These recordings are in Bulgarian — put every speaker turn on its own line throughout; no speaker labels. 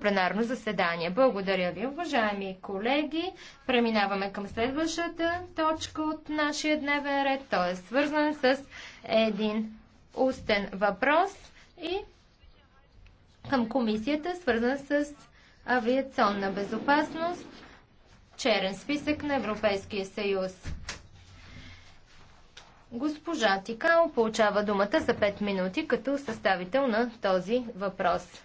пленарно заседание. Благодаря ви, уважаеми колеги. Преминаваме към следващата точка от нашия дневен ред. Той е свързан с един устен въпрос и към комисията, свързан с авиационна безопасност, черен списък на Европейския съюз. Госпожа Тикао получава думата за 5 минути като съставител на този въпрос.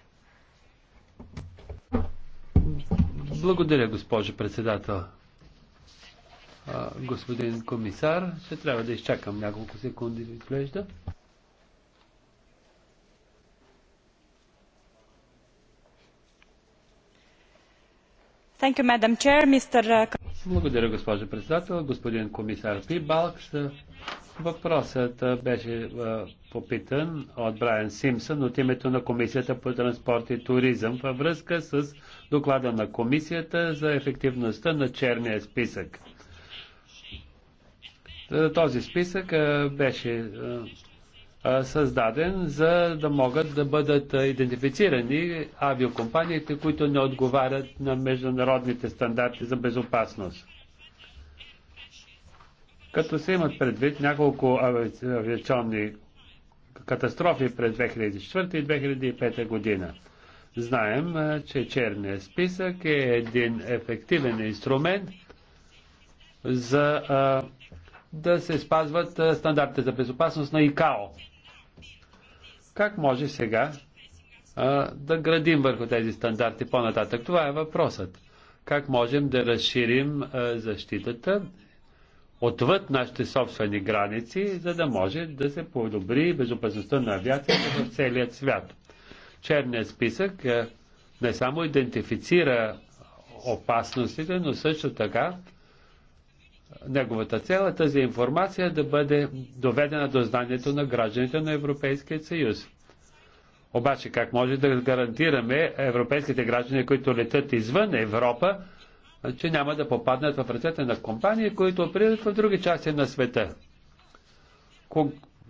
Благодаря, госпожо председател. господин комисар, ще трябва да изчакам няколко секунди, изглежда.
Thank you, Madam Chair, Mr. Uh,
Благодаря, госпожо председател. Господин комисар Пибалкс, въпросът беше попитан от Брайан Симпсън от името на Комисията по транспорт и туризъм във връзка с доклада на комисията за ефективността на черния списък. Е, този списък е, беше е, създаден, за да могат да бъдат идентифицирани авиокомпаниите, които не отговарят на международните стандарти за безопасност. Като се имат предвид няколко авиационни катастрофи през 2004 и 2005 година. Знаем, че черният списък е един ефективен инструмент за а, да се спазват стандартите за безопасност на ИКАО. Как може сега а, да градим върху тези стандарти по-нататък? Това е въпросът. Как можем да разширим а, защитата отвъд нашите собствени граници, за да може да се подобри безопасността на авиацията в целият свят? черния списък е, не само идентифицира опасностите, но също така неговата цел е тази информация да бъде доведена до знанието на гражданите на Европейския съюз. Обаче как може да гарантираме европейските граждани, които летят извън Европа, че няма да попаднат в ръцете на компании, които оперират в други части на света?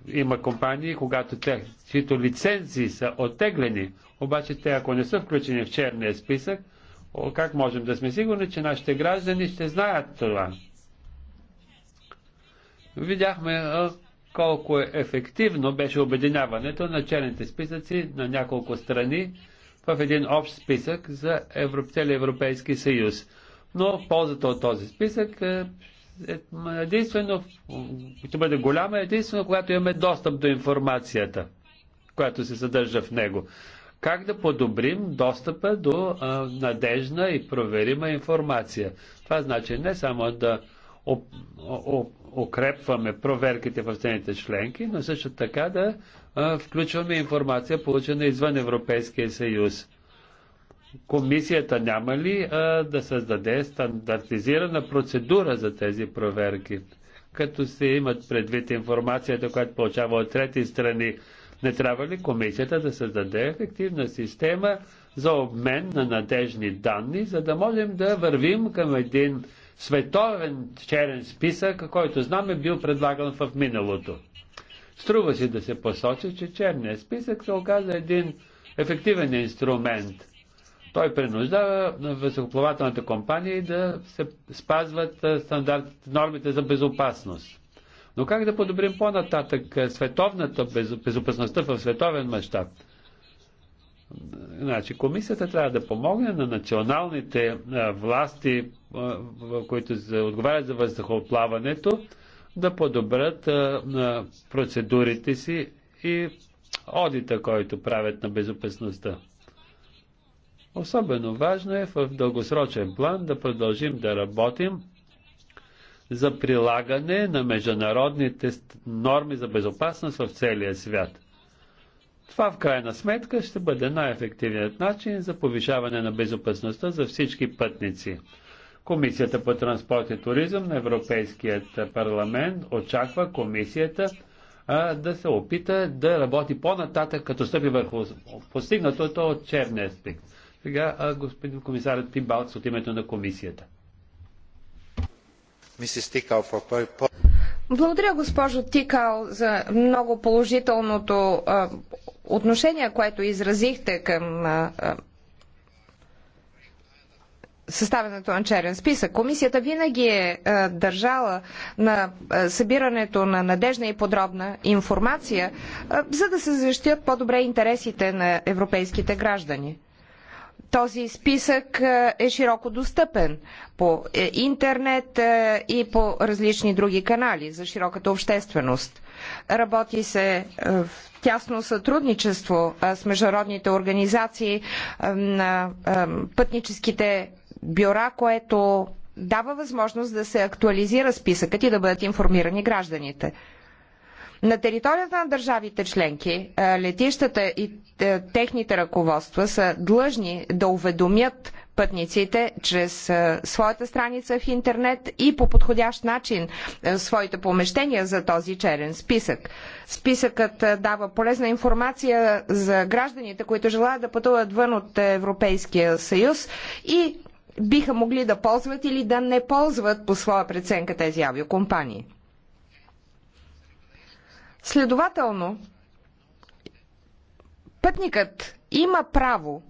има компании, когато те, чието лицензии са оттеглени, обаче те ако не са включени в черния списък, как можем да сме сигурни, че нашите граждани ще знаят това? Видяхме колко е ефективно беше обединяването на черните списъци на няколко страни в един общ списък за Европ... Европейски съюз. Но ползата от този списък е, единствено, ще бъде голяма единствено, когато имаме достъп до информацията, която се съдържа в него. Как да подобрим достъпа до а, надежна и проверима информация? Това значи не само да оп, оп, укрепваме проверките в стените членки, но също така да а, включваме информация, получена извън Европейския съюз. Комисията няма ли а, да създаде стандартизирана процедура за тези проверки, като се имат предвид информацията, която получава от трети страни? Не трябва ли комисията да създаде ефективна система за обмен на надежни данни, за да можем да вървим към един световен черен списък, който знам е бил предлаган в миналото? Струва си да се посочи, че черният списък се оказа един ефективен инструмент – той принуждава въздухоплавателните компания да се спазват стандарт, нормите за безопасност. Но как да подобрим по-нататък световната безопасността в световен мащаб? Значи, комисията трябва да помогне на националните власти, които отговарят за въздухоплаването, да подобрят процедурите си и одита, който правят на безопасността. Особено важно е в дългосрочен план да продължим да работим за прилагане на международните норми за безопасност в целия свят. Това в крайна сметка ще бъде най-ефективният начин за повишаване на безопасността за всички пътници. Комисията по транспорт и туризъм на Европейският парламент очаква комисията а, да се опита да работи по-нататък, като стъпи върху постигнатото от черния аспект. Сега господин комисарът Тимбалц от името на комисията.
Благодаря, госпожо Тикал, за много положителното отношение, което изразихте към съставянето на черен списък. Комисията винаги е държала на събирането на надежна и подробна информация, за да се защитят по-добре интересите на европейските граждани. Този списък е, е широко достъпен по е, интернет е, и по различни други канали за широката общественост. Работи се в тясно сътрудничество с международните организации на пътническите бюра, което дава възможност да се актуализира списъкът и да бъдат информирани гражданите. На територията на държавите членки е, летищата и е, техните ръководства са длъжни да уведомят пътниците чрез е, своята страница в интернет и по подходящ начин своите помещения за този черен списък. Списъкът дава полезна информация за гражданите, които желаят да пътуват вън от Европейския съюз и биха могли да ползват или да не ползват по своя преценка тези авиокомпании. Следователно, пътникът има право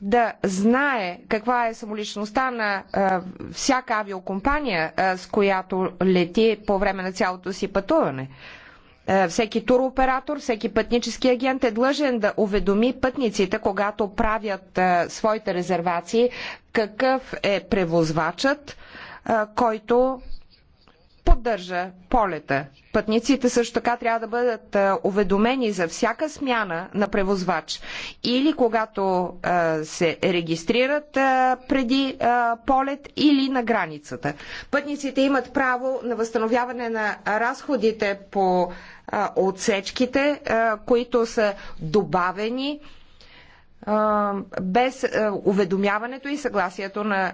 да знае каква е самоличността на а, всяка авиокомпания, а, с която лети по време на цялото си пътуване. А, всеки туроператор, всеки пътнически агент е длъжен да уведоми пътниците, когато правят а, своите резервации, какъв е превозвачът, а, който поддържа полета. Пътниците също така трябва да бъдат уведомени за всяка смяна на превозвач или когато се регистрират преди полет или на границата. Пътниците имат право на възстановяване на разходите по отсечките, които са добавени без уведомяването и съгласието на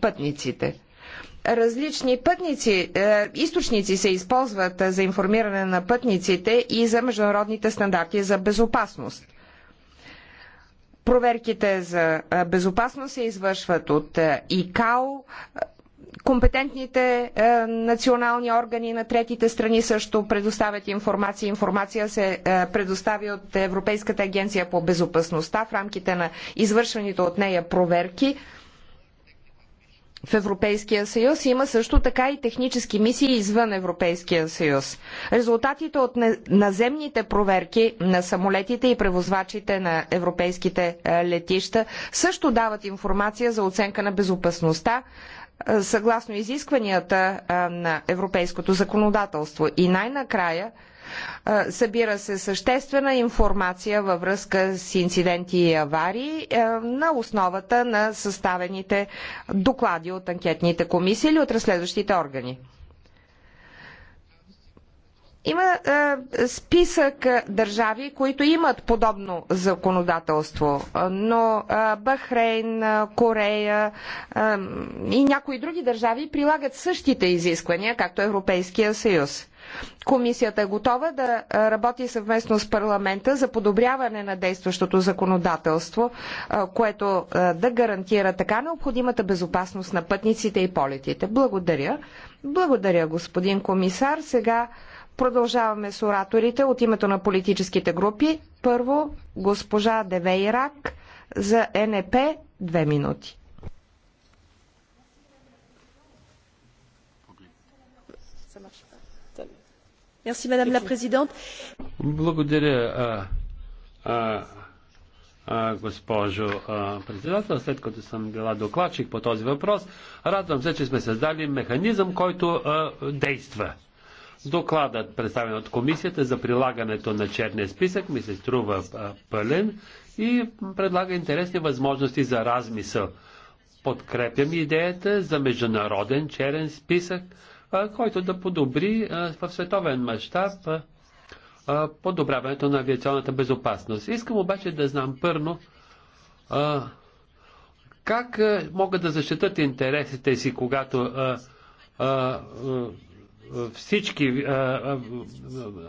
пътниците различни пътници, е, източници се използват за информиране на пътниците и за международните стандарти за безопасност. Проверките за е, безопасност се извършват от е, ИКАО, компетентните национални органи на третите страни също предоставят информация. Информация се предоставя от Европейската агенция по безопасността в рамките на извършваните от нея проверки в Европейския съюз, има също така и технически мисии извън Европейския съюз. Резултатите от наземните проверки на самолетите и превозвачите на европейските летища също дават информация за оценка на безопасността съгласно изискванията на европейското законодателство. И най-накрая събира се съществена информация във връзка с инциденти и аварии на основата на съставените доклади от анкетните комисии или от разследващите органи. Има е, списък е, държави, които имат подобно законодателство, е, но е, Бахрейн, е, Корея е, и някои други държави прилагат същите изисквания, както Европейския съюз. Комисията е готова да работи съвместно с парламента за подобряване на действащото законодателство, което да гарантира така необходимата безопасност на пътниците и полетите. Благодаря. Благодаря, господин комисар. Сега Продължаваме с ораторите от името на политическите групи. Първо, госпожа Девейрак за НП две минути.
Благодаря, а, а, госпожо а, председател, след като съм била докладчик по този въпрос. Радвам се, че сме създали механизъм, който действа. Докладът, представен от комисията за прилагането на черния списък, ми се струва пълен и предлага интересни възможности за размисъл. Подкрепям идеята за международен черен списък, който да подобри в световен мащаб подобряването на авиационната безопасност. Искам обаче да знам първо как могат да защитат интересите си, когато всички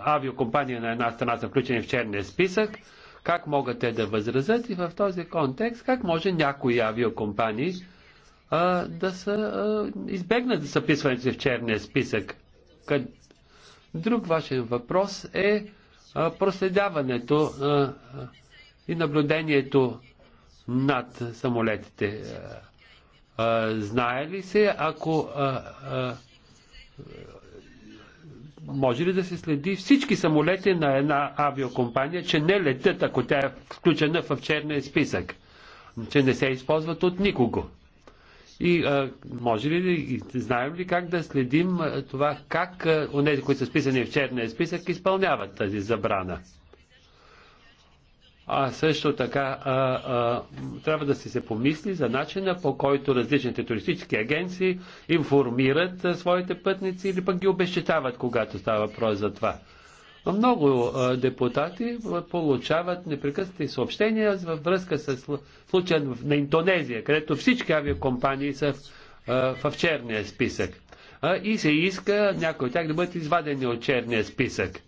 авиокомпании на една страна са включени в черния списък, как могат те да възразят и в този контекст как може някои авиокомпании а, да са а, избегнат да са в черния списък. Къд... Друг вашен въпрос е а, проследяването а, и наблюдението над самолетите. А, а, знае ли се, ако а, а, може ли да се следи всички самолети на една авиокомпания, че не летят, ако тя е включена в черния списък, че не се използват от никого? И а, може ли, знаем ли как да следим това, как онези, които са списани в черния списък, изпълняват тази забрана? А също така а, а, трябва да си се помисли за начина по който различните туристически агенции информират а, своите пътници или пък ги обещетават, когато става въпрос за това. Много а, депутати получават непрекъснати съобщения във връзка с случая на Индонезия, където всички авиакомпании са а, в черния списък. А, и се иска някои от тях да бъдат извадени от черния списък.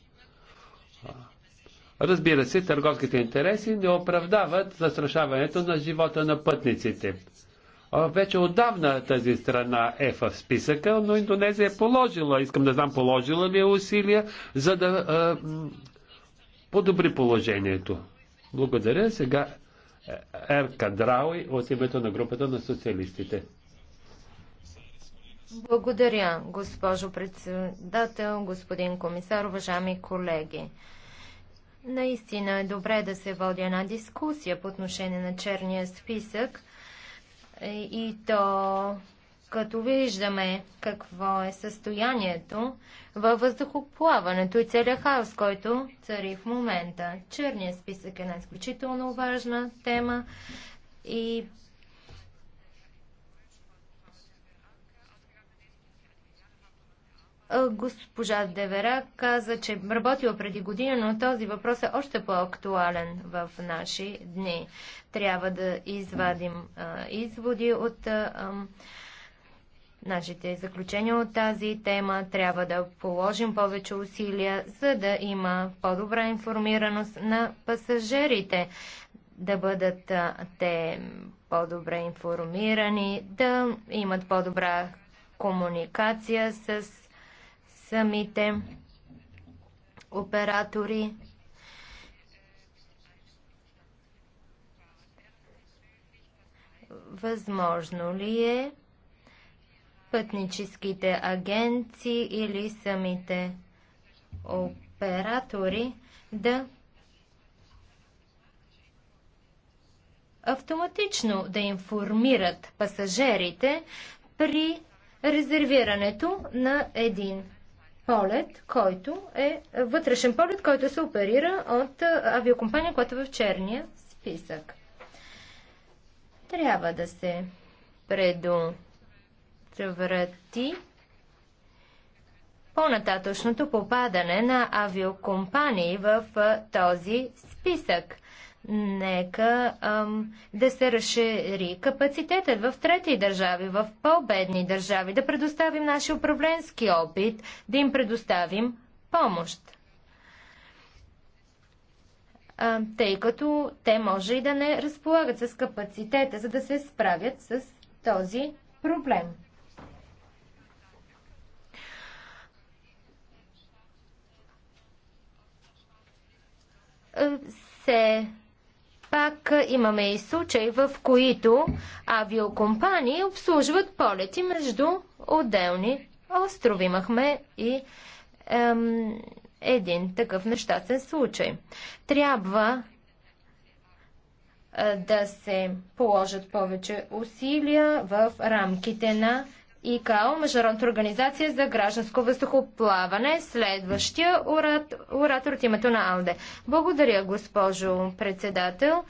Разбира се, търговските интереси не оправдават застрашаването на живота на пътниците. Вече отдавна тази страна е в списъка, но Индонезия е положила, искам да знам, положила ли е усилия, за да е, подобри положението. Благодаря. Сега е, Ерка Драуи от името на групата на социалистите.
Благодаря, госпожо председател, господин комисар, уважаеми колеги. Наистина е добре да се води една дискусия по отношение на черния списък е, и то като виждаме какво е състоянието във въздухоплаването и целият хаос, който цари в момента. Черният списък е една изключително важна тема и Госпожа Девера каза, че работила преди година, но този въпрос е още по-актуален в наши дни. Трябва да извадим а, изводи от а, нашите заключения от тази тема. Трябва да положим повече усилия, за да има по-добра информираност на пасажирите, да бъдат а, те по-добре информирани, да имат по-добра комуникация с самите оператори. Възможно ли е пътническите агенции или самите оператори да автоматично да информират пасажерите при резервирането на един полет, който е вътрешен полет, който се оперира от авиокомпания, която е в черния списък. Трябва да се предотврати по-нататъчното попадане на авиокомпании в този списък нека ам, да се разшири капацитетът в трети държави, в по-бедни държави, да предоставим нашия управленски опит, да им предоставим помощ. А, тъй като те може и да не разполагат с капацитета, за да се справят с този проблем. се пак имаме и случаи, в които авиокомпании обслужват полети между отделни острови. Имахме и ем, един такъв нещастен случай. Трябва е, да се положат повече усилия в рамките на ИКАО, Международната организация за гражданско въздухоплаване. Следващия оратор от името на АЛДЕ. Благодаря, госпожо председател.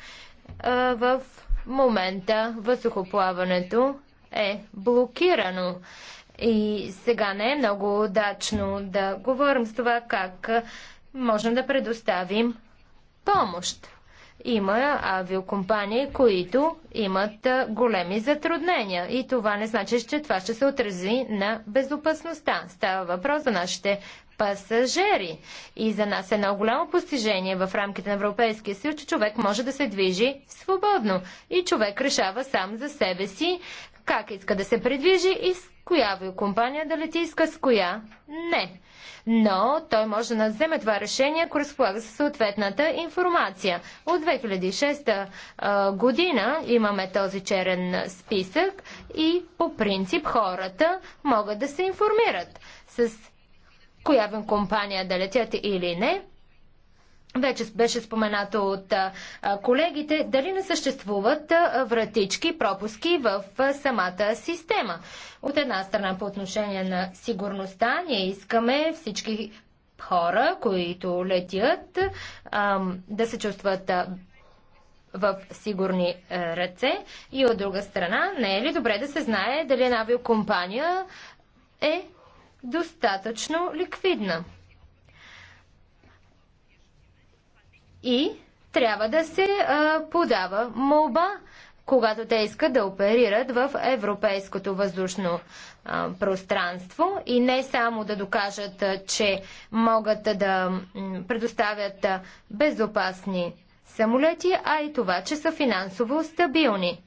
В момента въздухоплаването е блокирано. И сега не е много удачно да говорим с това как можем да предоставим помощ. Има авиокомпании, които имат големи затруднения и това не значи, че това ще се отрази на безопасността. Става въпрос за нашите пасажери. И за нас е едно голямо постижение в рамките на Европейския съюз, че човек може да се движи свободно. И човек решава сам за себе си как иска да се придвижи и с коя авиокомпания да лети, иска с коя не. Но той може да вземе това решение, ако разполага със съответната информация. От 2006 а, година имаме този черен списък и по принцип хората могат да се информират с коя компания да летят или не, вече беше споменато от колегите, дали не съществуват вратички, пропуски в самата система. От една страна по отношение на сигурността, ние искаме всички хора, които летят, да се чувстват в сигурни ръце. И от друга страна, не е ли добре да се знае дали една авиокомпания е достатъчно ликвидна? и трябва да се а, подава молба, когато те искат да оперират в европейското въздушно а, пространство и не само да докажат, а, че могат да предоставят а, безопасни самолети, а и това, че са финансово стабилни.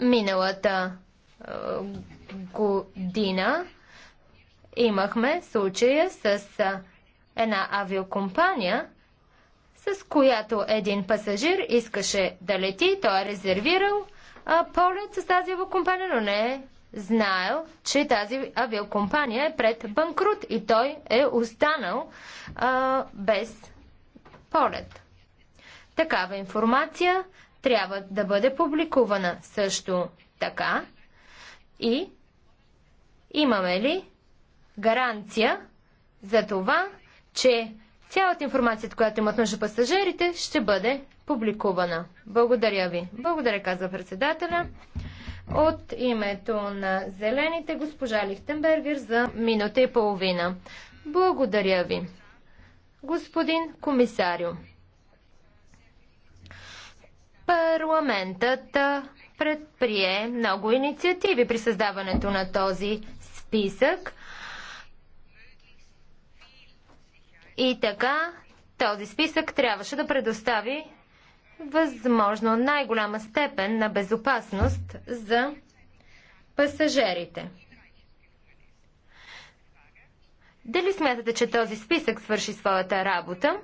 Миналата година Имахме случая с една авиокомпания, с която един пасажир искаше да лети. Той е резервирал а, полет с тази авиокомпания, но не е знаел, че тази авиокомпания е пред банкрут и той е останал а, без полет. Такава информация трябва да бъде публикувана също така. И имаме ли гаранция за това, че цялата информация, която имат нужда пасажирите, ще бъде публикувана. Благодаря ви. Благодаря, казва председателя. От името на Зелените, госпожа Лихтенбергер за минута и половина. Благодаря ви. Господин комисарио, парламентът предприе много инициативи при създаването на този списък – И така този списък трябваше да предостави възможно най-голяма степен на безопасност за пасажирите. Дали смятате, че този списък свърши своята работа?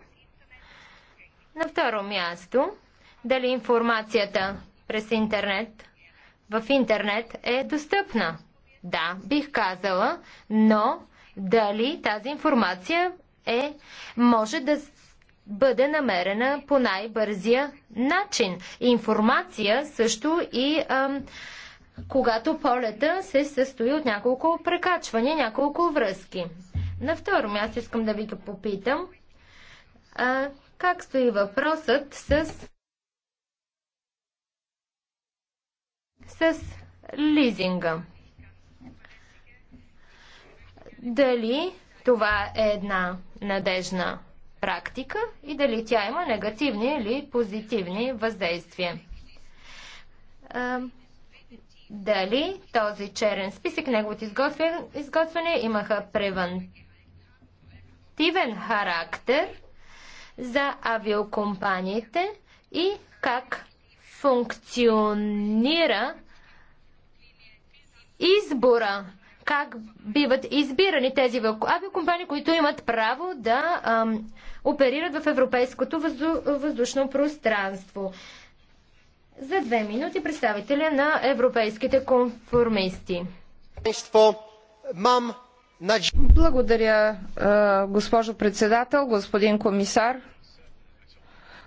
На второ място, дали информацията през интернет, в интернет е достъпна? Да, бих казала, но дали тази информация е, може да бъде намерена по най-бързия начин. Информация също и ам, когато полета се състои от няколко прекачвания, няколко връзки. На второ място искам да ви попитам а, как стои въпросът с, с лизинга. Дали това е една надежна практика и дали тя има негативни или позитивни въздействия. Дали този черен списък, неговото изготвяне имаха превентивен характер за авиокомпаниите и как функционира избора как биват избирани тези авиокомпании, които имат право да ам, оперират в европейското възду... въздушно пространство. За две минути представителя на
европейските конформисти. Благодаря, госпожо председател, господин комисар.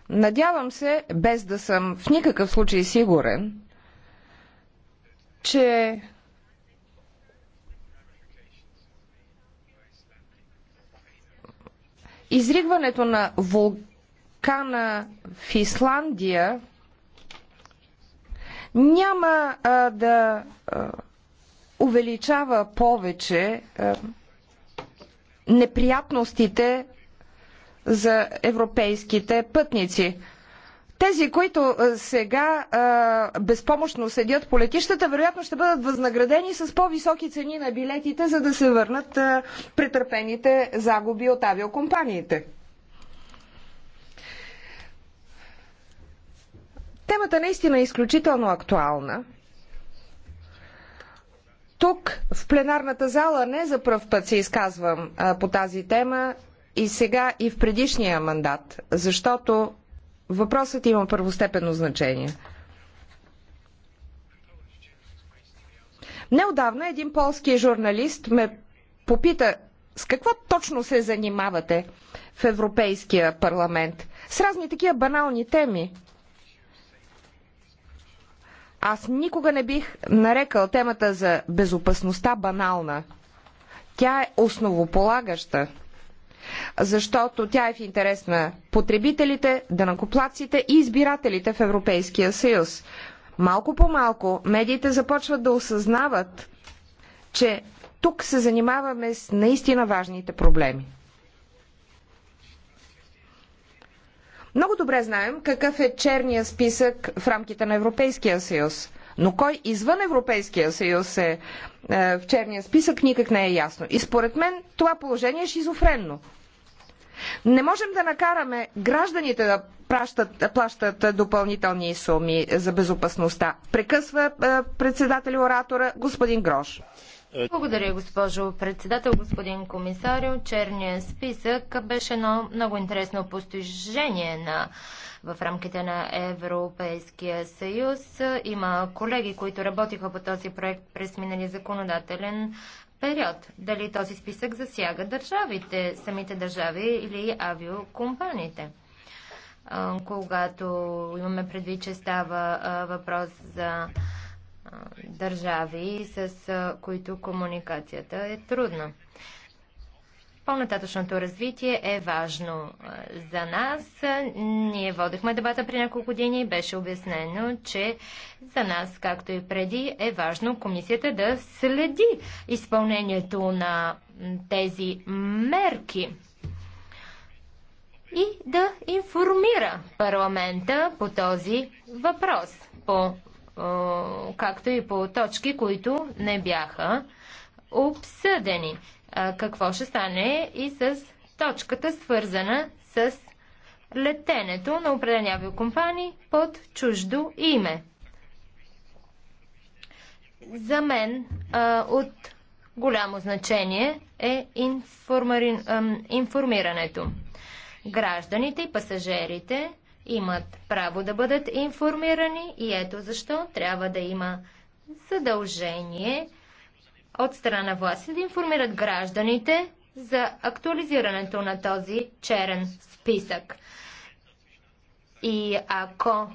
Надявам се, без да съм в никакъв случай сигурен, че Изригването на вулкана в Исландия няма а, да а, увеличава повече а, неприятностите за европейските пътници. Тези, които сега а, безпомощно седят по летищата, вероятно ще бъдат възнаградени с по-високи цени на билетите, за да се върнат а, претърпените загуби от авиокомпаниите. Темата наистина е изключително актуална. Тук, в пленарната зала, не за пръв път се изказвам а, по тази тема и сега и в предишния мандат, защото Въпросът има първостепенно значение. Неодавна един полски журналист ме попита с какво точно се занимавате в Европейския парламент. С разни такива банални теми. Аз никога не бих нарекал темата за безопасността банална. Тя е основополагаща защото тя е в интерес на потребителите, данакоплаците и избирателите в Европейския съюз. Малко по малко медиите започват да осъзнават, че тук се занимаваме с наистина важните проблеми. Много добре знаем какъв е черния списък в рамките на Европейския съюз. Но кой извън Европейския съюз е, е в черния списък, никак не е ясно. И според мен това положение е шизофренно. Не можем да накараме гражданите да пращат, плащат допълнителни суми за безопасността. Прекъсва е, председателя оратора господин Грош.
Благодаря, госпожо председател, господин комисар, Черния списък беше едно много интересно постижение на, в рамките на Европейския съюз. Има колеги, които работиха по този проект през минали законодателен период. Дали този списък засяга държавите, самите държави или авиокомпаниите. Когато имаме предвид, че става въпрос за държави, с които комуникацията е трудна. По-нататъчното развитие е важно за нас. Ние водихме дебата при няколко години и беше обяснено, че за нас, както и преди, е важно комисията да следи изпълнението на тези мерки и да информира парламента по този въпрос, по, както и по точки, които не бяха обсъдени какво ще стане и с точката, свързана с летенето на определени авиокомпании под чуждо име. За мен а, от голямо значение е информирането. Гражданите и пасажирите имат право да бъдат информирани и ето защо трябва да има задължение от страна власти да информират гражданите за актуализирането на този черен списък. И ако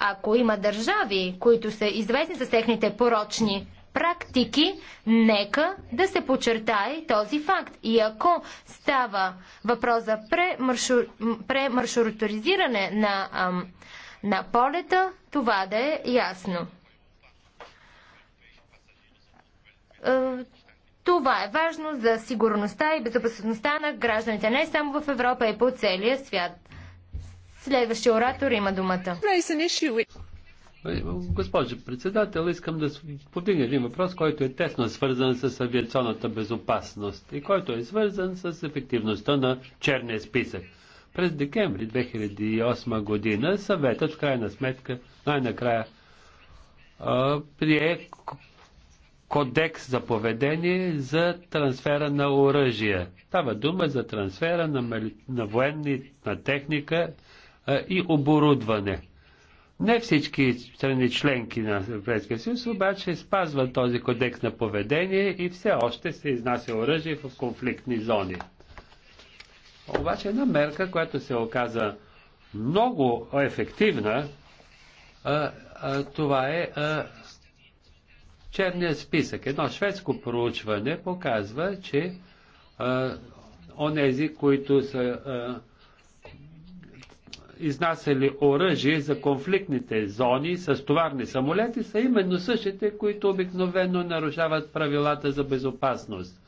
ако има държави, които са известни с техните порочни практики, нека да се почертае този факт. И ако става въпрос за премаршур... премаршрутизиране на, ам, на полета, това да е ясно. Е, това е важно за сигурността и безопасността на гражданите не само в Европа, а и по целия свят. Следващия оратор има думата.
Госпожо председател, искам да подигна един въпрос, който е тесно свързан с авиационната безопасност и който е свързан с ефективността на черния списък. През декември 2008 година съветът в крайна сметка най-накрая прие кодекс за поведение за трансфера на оръжие. Става дума за трансфера на, мили... на военни, на техника а, и оборудване. Не всички страни членки на Европейския съюз обаче спазват този кодекс на поведение и все още се изнася оръжие в конфликтни зони. Обаче една мерка, която се оказа много ефективна, а, а, това е а, черния списък. Едно шведско проучване показва, че а, онези, които са а, изнасяли оръжие за конфликтните зони с товарни самолети, са именно същите, които обикновено нарушават правилата за безопасност.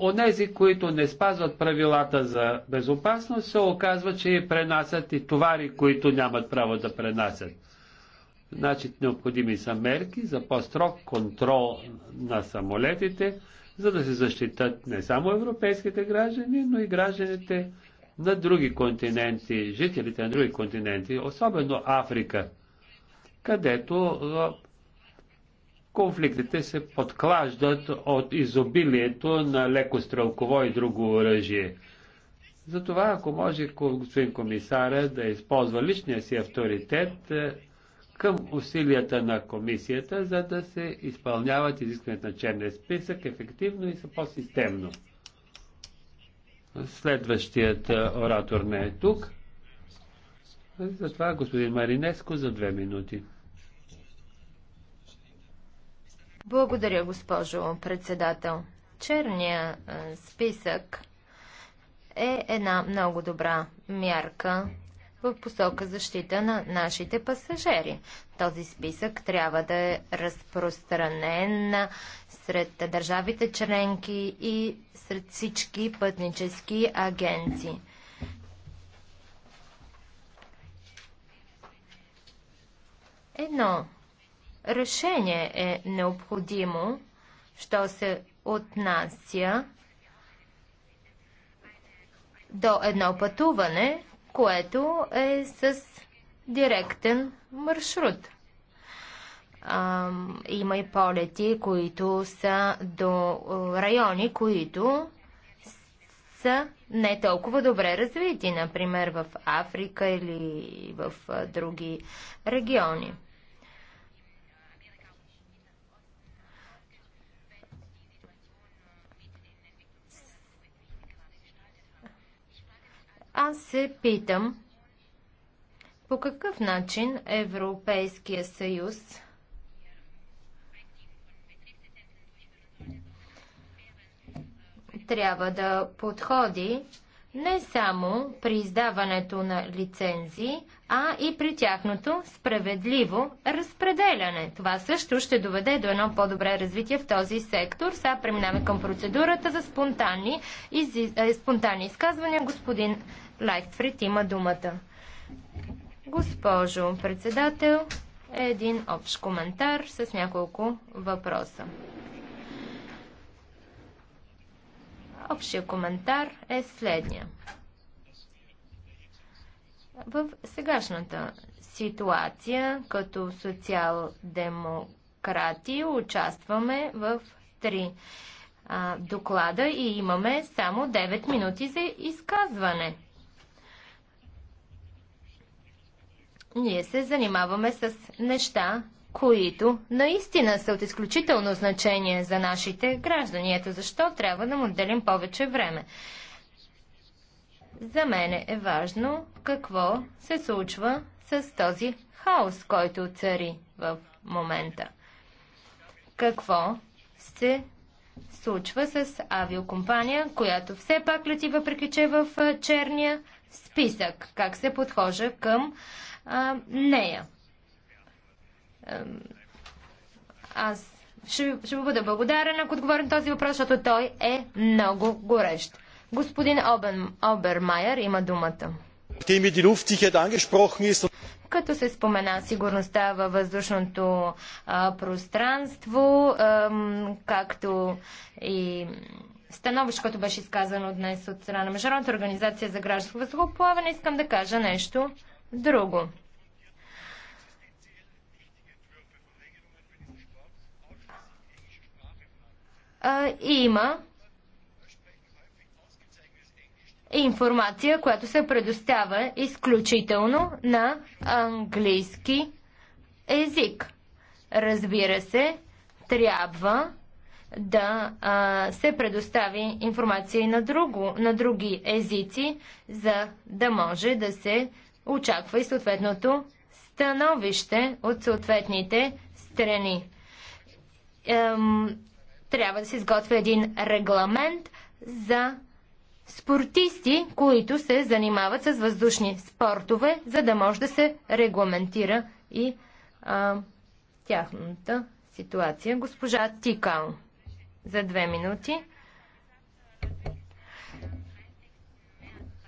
онези, които не спазват правилата за безопасност, се оказва, че пренасят и товари, които нямат право да пренасят. Значи необходими са мерки за по-строг контрол на самолетите, за да се защитат не само европейските граждани, но и гражданите на други континенти, жителите на други континенти, особено Африка, където конфликтите се подклаждат от изобилието на леко стрелково и друго оръжие. Затова, ако може господин комисаря да използва личния си авторитет е, към усилията на комисията, за да се изпълняват изискването на черния списък ефективно и по-системно. Следващият оратор не е тук. Затова господин Маринеско за две минути.
Благодаря, госпожо председател. Черния списък е една много добра мярка в посока защита на нашите пасажери. Този списък трябва да е разпространен сред държавите членки и сред всички пътнически агенции. Едно решение е необходимо, що се отнася до едно пътуване, което е с директен маршрут. А, има и полети, които са до райони, които са не толкова добре развити, например в Африка или в други региони. Аз се питам по какъв начин Европейския съюз трябва да подходи не само при издаването на лицензии, а и при тяхното справедливо разпределяне. Това също ще доведе до едно по-добре развитие в този сектор. Сега преминаваме към процедурата за спонтанни, из... э, е, спонтанни изказвания. Господин Лайфрид има думата. Госпожо председател, един общ коментар с няколко въпроса. Общия коментар е следния. В сегашната ситуация като социал-демократи участваме в три а, доклада и имаме само 9 минути за изказване. Ние се занимаваме с неща, които наистина са от изключително значение за нашите граждани. Ето защо трябва да му отделим повече време. За мен е важно какво се случва с този хаос, който цари в момента. Какво се случва с авиокомпания, която все пак лети, въпреки че е в черния списък. Как се подхожа към а, нея? Аз ще, ще бъда благодарен, ако отговоря на този въпрос, защото той е много горещ. Господин Обен, Обермайер има думата. Като се спомена сигурността във въздушното а, пространство, а, както и становище, което беше изказано днес от страна на Международната организация за гражданско въздухоплаване, искам да кажа нещо друго. А, има е информация, която се предоставя изключително на английски език. Разбира се, трябва да а, се предостави информация и на, друго, на други езици, за да може да се очаква и съответното становище от съответните страни. Ем, трябва да се изготвя един регламент за спортисти, които се занимават с въздушни спортове, за да може да се регламентира и а, тяхната ситуация. Госпожа Тикал, за две минути.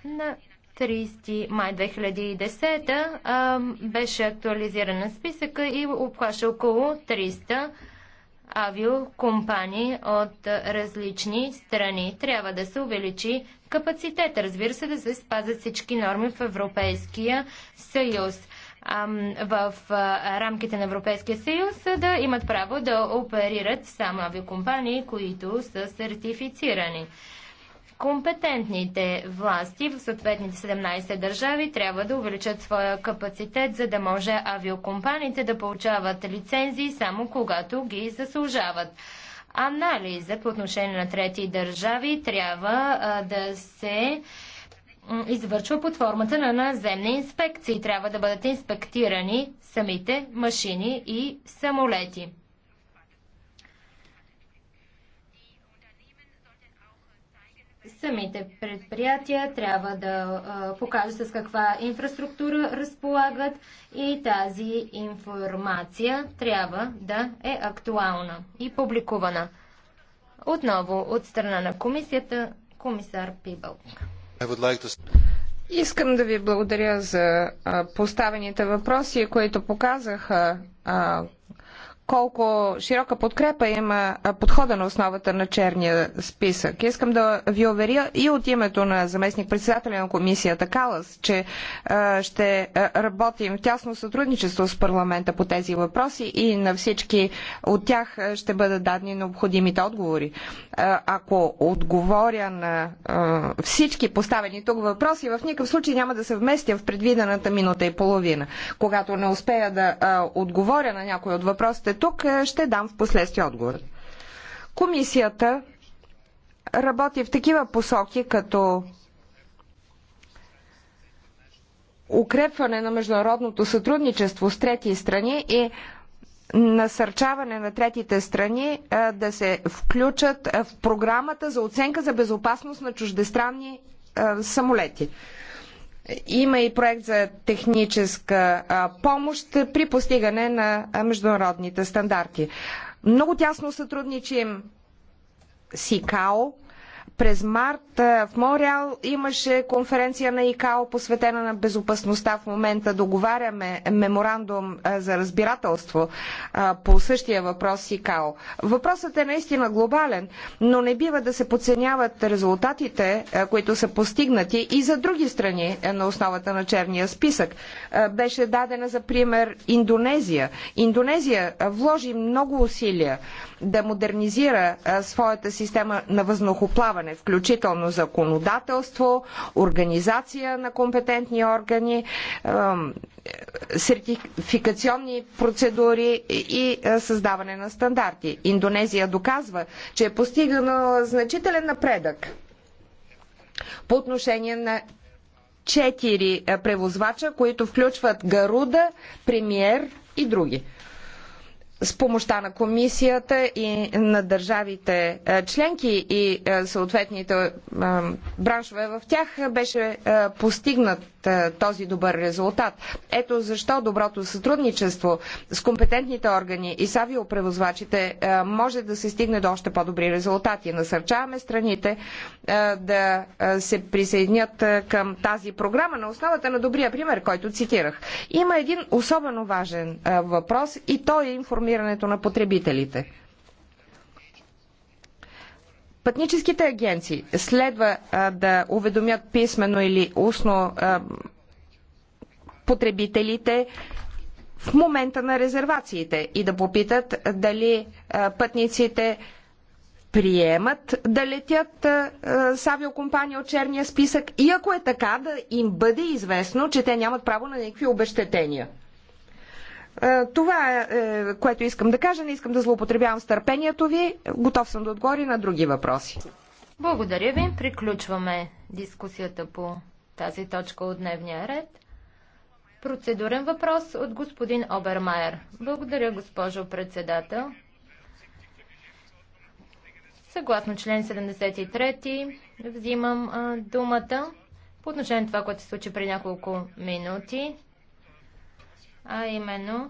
На 30 май 2010 а, беше актуализирана списъка и обхваща около 300 авиокомпании от различни страни. Трябва да се увеличи капацитет, разбира се, да се спазят всички норми в Европейския съюз в рамките на Европейския съюз да имат право да оперират само авиокомпании, които са сертифицирани. Компетентните власти в съответните 17 държави трябва да увеличат своя капацитет, за да може авиокомпаниите да получават лицензии само когато ги заслужават. Анализа по отношение на трети държави трябва а, да се извършва под формата на наземни инспекции. Трябва да бъдат инспектирани самите машини и самолети. Самите предприятия трябва да покажат с каква инфраструктура разполагат и тази информация трябва да е актуална и публикувана. Отново от страна на комисията, комисар Пибълк.
Искам да ви благодаря за поставените въпроси, които показаха колко широка подкрепа има подхода на основата на черния списък. Искам да ви уверя и от името на заместник председателя на комисията Калас, че ще работим в тясно сътрудничество с парламента по тези въпроси и на всички от тях ще бъдат дадени необходимите отговори. Ако отговоря на всички поставени тук въпроси, в никакъв случай няма да се вместя в предвидената минута и половина. Когато не успея да отговоря на някой от въпросите, тук, е, ще дам в последствие отговор. Комисията работи в такива посоки, като укрепване на международното сътрудничество с трети страни и насърчаване на третите страни е, да се включат в програмата за оценка за безопасност на чуждестранни е, самолети. Има и проект за техническа помощ при постигане на международните стандарти. Много тясно сътрудничим с през март в Мореал имаше конференция на ИКАО, посветена на безопасността. В момента договаряме меморандум за разбирателство по същия въпрос с ИКАО. Въпросът е наистина глобален, но не бива да се подценяват резултатите, които са постигнати и за други страни на основата на черния списък. Беше дадена за пример Индонезия. Индонезия вложи много усилия да модернизира своята система на въздухоплаване прилагане, включително законодателство, организация на компетентни органи, сертификационни процедури и създаване на стандарти. Индонезия доказва, че е постигнала значителен напредък по отношение на четири превозвача, които включват Гаруда, Премиер и други с помощта на комисията и на държавите е, членки и е, съответните е, браншове в тях беше постигнат е, този добър резултат. Ето защо доброто сътрудничество с компетентните органи и с авиопревозвачите е, може да се стигне до още по-добри резултати. Насърчаваме страните е, да се присъединят към тази програма на основата на добрия пример, който цитирах. Има един особено важен въпрос и то е информирането на потребителите. Пътническите агенции следва а, да уведомят писмено или устно а, потребителите в момента на резервациите и да попитат дали а, пътниците приемат да летят а, с авиокомпания от черния списък и ако е така да им бъде известно, че те нямат право на никакви обещетения. Е, това е, е което искам да кажа. Не искам да злоупотребявам с търпението ви. Готов съм да отговоря на други въпроси.
Благодаря ви. Приключваме дискусията по тази точка от дневния ред. Процедурен въпрос от господин Обермайер. Благодаря, госпожо председател. Съгласно член 73 взимам а, думата по отношение на това, което се случи при няколко минути а именно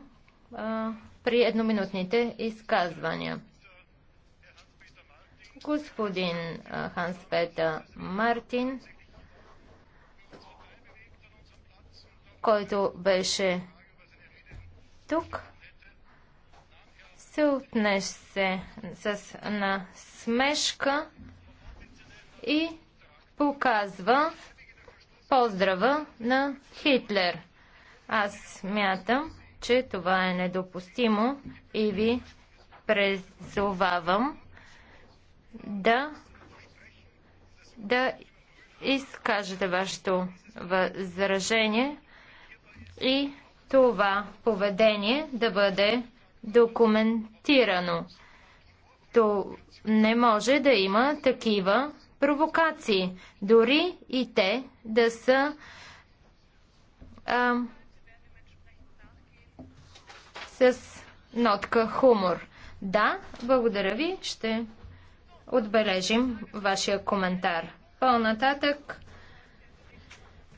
а, при едноминутните изказвания. Господин Ханс Петър Мартин, който беше тук, се отнесе с смешка и показва поздрава на Хитлер. Аз смятам, че това е недопустимо и ви презовавам да, да изкажете вашето възражение и това поведение да бъде документирано. То не може да има такива провокации, дори и те да са а, с нотка хумор. Да, благодаря ви, ще отбележим вашия коментар. По-нататък